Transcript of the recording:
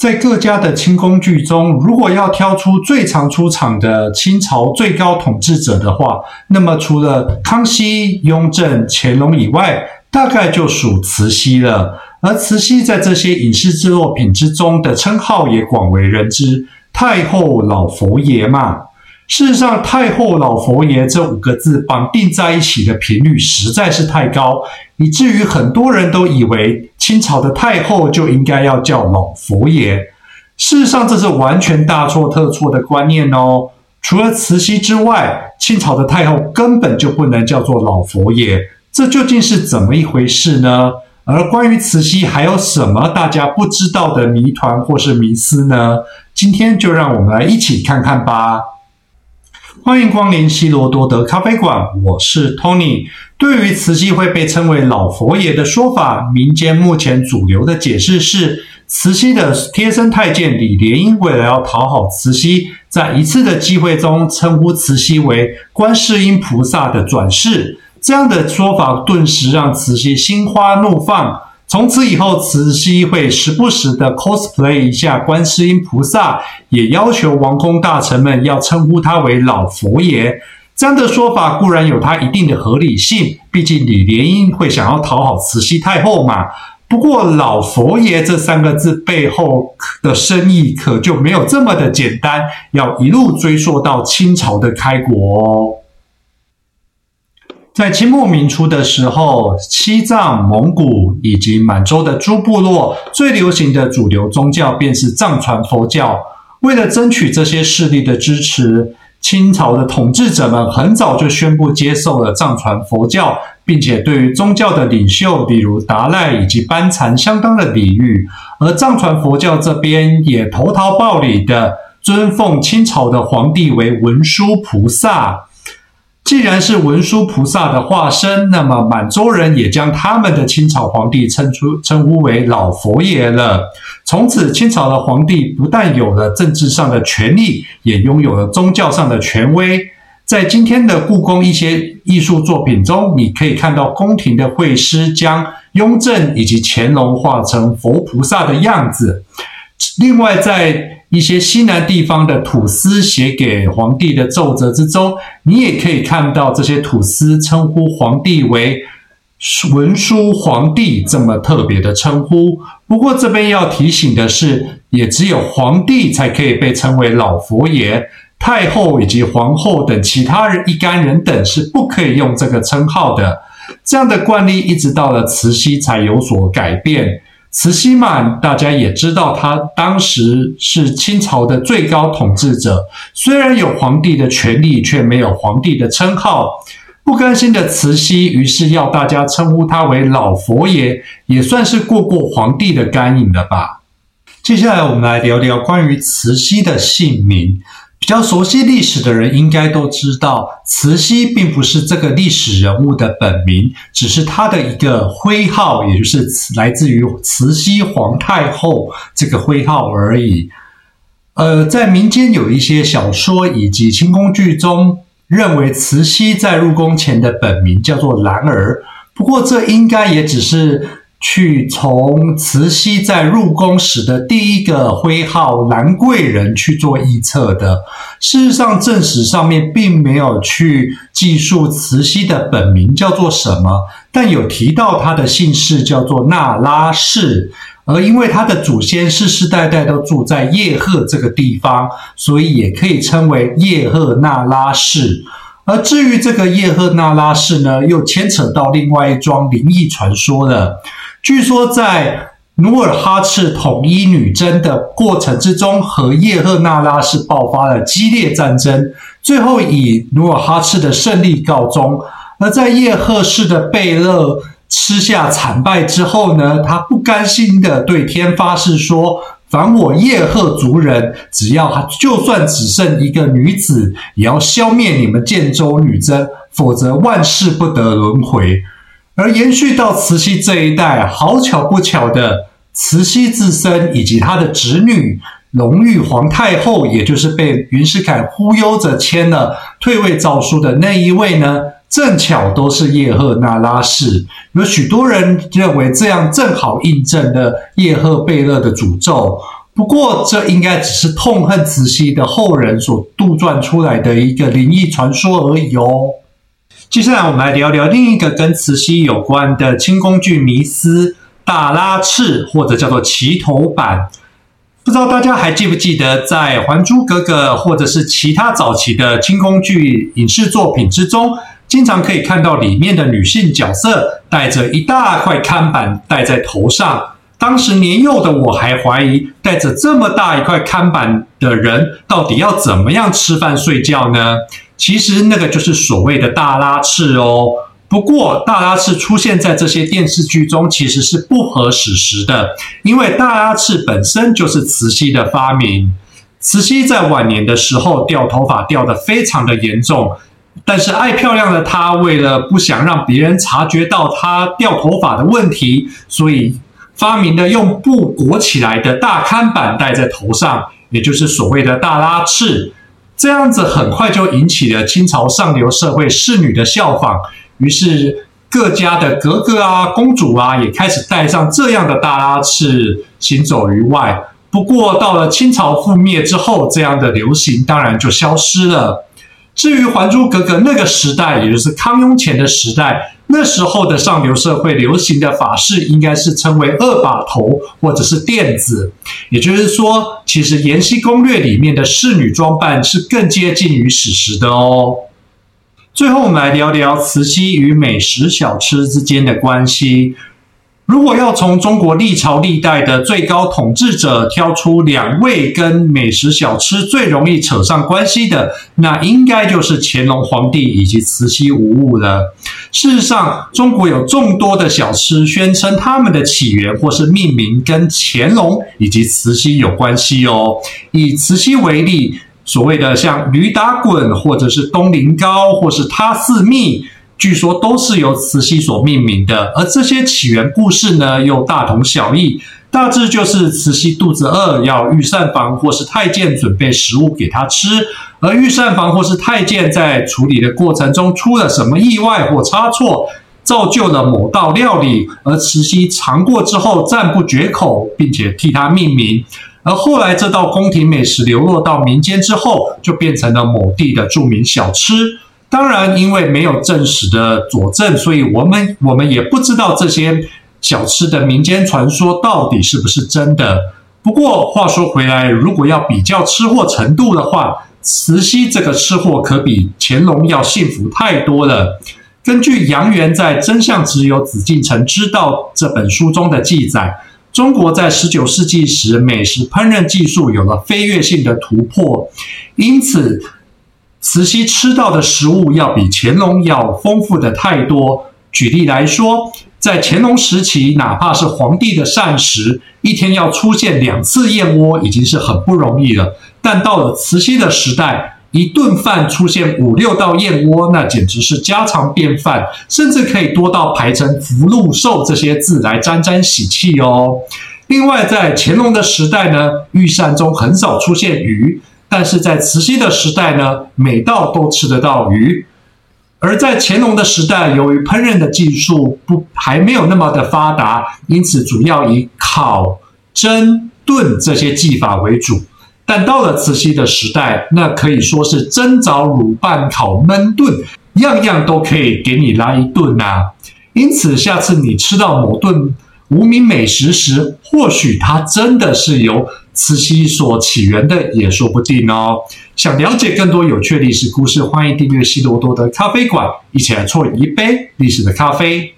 在各家的清宮劇中，如果要挑出最常出場的清朝最高統治者的話，那麼除了康熙、雍正、乾隆以外，大概就屬慈禧了。而慈禧在這些影視製作品之中的稱號也廣為人知——太后老佛爺嘛。事實上，“太后老佛爺”這五個字綁定在一起的頻率實在是太高，以至於很多人都以為清朝的太後就應該要叫“老佛爺”。事實上，這是完全大錯特錯的觀念哦。除了慈禧之外，清朝的太后根本就不能叫做“老佛爺”。這究竟是怎麼一回事呢？而關於慈禧，還有什麼大家不知道的謎團或是迷思呢？今天就讓我們來一起看看吧。歡迎光臨希羅多德咖啡館，我是 Tony。對於慈禧會被稱為“老佛爺”的說法，民間目前主流的解釋是，慈禧的貼身太監李蓮英為了要討好慈禧，在一次的機會中稱呼慈禧為觀世音菩薩的轉世。這樣的說法頓時讓慈禧心花怒放。從此以後，慈禧會時不時的 cosplay 一下觀世音菩薩，也要求王公大臣們要稱呼她為老佛爺。這樣的說法固然有它一定的合理性，畢竟李蓮英會想要討好慈禧太后嘛。不過“老佛爺”這三個字背後的深意可就沒有這麼的簡單，要一路追溯到清朝的開國哦。在清末民初的時候，西藏、蒙古以及滿洲的諸部落最流行的主流宗教便是藏傳佛教。為了爭取這些勢力的支持，清朝的統治者們很早就宣布接受了藏傳佛教，並且對於宗教的領袖，比如達賴以及班禪，相當的禮遇。而藏傳佛教這邊也投桃報李的尊奉清朝的皇帝為文殊菩薩。既然是文殊菩薩的化身，那麼滿洲人也將他們的清朝皇帝稱出稱呼為老佛爺了。從此，清朝的皇帝不但有了政治上的權力，也擁有了宗教上的權威。在今天的故宮一些藝術作品中，你可以看到宮廷的繪師將雍正以及乾隆畫成佛菩薩的樣子。另外，在一些西南地方的土司寫給皇帝的奏摺之中，你也可以看到這些土司稱呼皇帝為“文殊皇帝”這麼特別的稱呼。不過，這邊要提醒的是，也只有皇帝才可以被稱為“老佛爺”、“太后”以及“皇后”等，其他人一干人等是不可以用這個稱號的。這樣的慣例一直到了慈禧才有所改變。慈禧嘛，大家也知道，他當時是清朝的最高統治者，雖然有皇帝的權力，卻沒有皇帝的稱號。不甘心的慈禧，於是要大家稱呼他為“老佛爺”，也算是過過皇帝的乾癮了吧。接下來，我們來聊聊關於慈禧的姓名。比較熟悉歷史的人應該都知道，慈禧並不是這個歷史人物的本名，只是她的一個徽號，也就是來自於慈禧皇太后這個徽號而已。呃，在民間有一些小說以及清宮劇中，認為慈禧在入宮前的本名叫做蘭兒，不過這應該也只是，去從慈禧在入宮時的第一個徽號“蘭貴人”去做臆測的，事實上正史上面並沒有去記述慈禧的本名叫做什麼，但有提到她的姓氏叫做那拉氏，而因為她的祖先世世代代都住在葉赫這個地方，所以也可以稱為葉赫那拉氏。而至於這個葉赫那拉氏呢，又牽扯到另外一樁靈異傳說了。據說，在努爾哈赤統一女真的過程之中，和葉赫那拉氏爆發了激烈戰爭，最後以努爾哈赤的勝利告終。而在葉赫氏的貝勒吃下慘敗之後呢，他不甘心的對天發誓說：“凡我葉赫族人，只要他就算只剩一個女子，也要消滅你們建州女真，否則萬事不得輪迴。”而延續到慈禧這一代，好巧不巧的，慈禧自身以及她的侄女隆裕皇太後，也就是被袁世凱忽悠着簽了退位詔書的那一位呢，正巧都是葉赫那拉氏。有許多人認為這樣正好印證了葉赫貝勒的詛咒。不過，這應該只是痛恨慈禧的後人所杜撰出來的一個靈異傳說而已哦。接下來，我們來聊聊另一個跟慈禧有關的清宮劇迷思——大拉翅，或者叫做旗頭板。不知道大家還記不記得，在《還珠格格》或者是其他早期的清宮劇影視作品之中，經常可以看到裡面的女性角色帶着一大塊看板戴在頭上。當時年幼的我還懷疑，帶着這麼大一塊看板的人到底要怎麼樣吃飯睡覺呢？其實那個就是所謂的大拉翅哦。不過大拉翅出現在這些電視劇中其實是不合史實的，因為大拉翅本身就是慈禧的發明。慈禧在晚年的時候掉頭髮掉得非常的嚴重，但是愛漂亮的她為了不想讓別人察覺到她掉頭髮的問題，所以發明了用布裹起來的大看板戴在頭上，也就是所謂的大拉翅。這樣子很快就引起了清朝上流社會侍女的效仿，於是各家的格格啊、公主啊，也開始戴上這樣的大拉翅行走於外。不過到了清朝覆滅之後，這樣的流行當然就消失了。至於《還珠格格》那個時代，也就是康雍乾的時代，那時候的上流社會流行的髮式應該是稱為二把頭或者是鈿子。也就是說，其實《延禧攻略》裡面的侍女裝扮是更接近於史實的哦。最後，我們來聊一聊慈禧與美食小吃之間的關係。如果要從中國歷朝歷代的最高統治者挑出兩位跟美食小吃最容易扯上關係的，那應該就是乾隆皇帝以及慈禧無誤了。事實上，中國有眾多的小吃宣稱他們的起源或是命名跟乾隆以及慈禧有關係哦。以慈禧為例，所謂的像驢打滾，或者是東林糕，或是他四蜜。據說都是由慈禧所命名的，而這些起源故事呢，又大同小異。大致就是慈禧肚子餓，要御膳房或是太監準備食物給她吃，而御膳房或是太監在處理的過程中出了什麼意外或差錯，造就了某道料理，而慈禧嘗過之後讚不絕口，並且替他命名。而後來這道宮廷美食流落到民間之後，就變成了某地的著名小吃。當然，因為沒有正史的佐證，所以我們我們也不知道這些小吃的民間傳說到底是不是真的。不過話說回來，如果要比較吃貨程度的話，慈禧這個吃貨可比乾隆要幸福太多了。根據楊元在《真相只有紫禁城知道》這本書中的記載，中國在十九世紀時美食烹飪技術有了飛躍性的突破，因此，慈禧吃到的食物要比乾隆要豐富得太多。舉例來說，在乾隆時期，哪怕是皇帝的膳食，一天要出現兩次燕窩，已經是很不容易了。但到了慈禧的時代，一頓飯出現五六道燕窩，那簡直是家常便飯，甚至可以多到排成“福祿壽”這些字來沾沾喜氣哦。另外，在乾隆的時代呢，御膳中很少出現魚。但是在慈禧的時代呢，每道都吃得到魚；而在乾隆的時代，由於烹飪的技術不還沒有那麼的發達，因此主要以烤、蒸、燉這些技法為主。但到了慈禧的時代，那可以說是蒸、炸、滷、拌、烤、燜、燉，樣樣都可以給你拉一頓啊！因此，下次你吃到某頓無名美食時，或許它真的是由……慈禧所起源的也說不定哦。想了解更多有趣歷史故事，歡迎訂閱西多多的咖啡館，一起來啜一杯歷史的咖啡。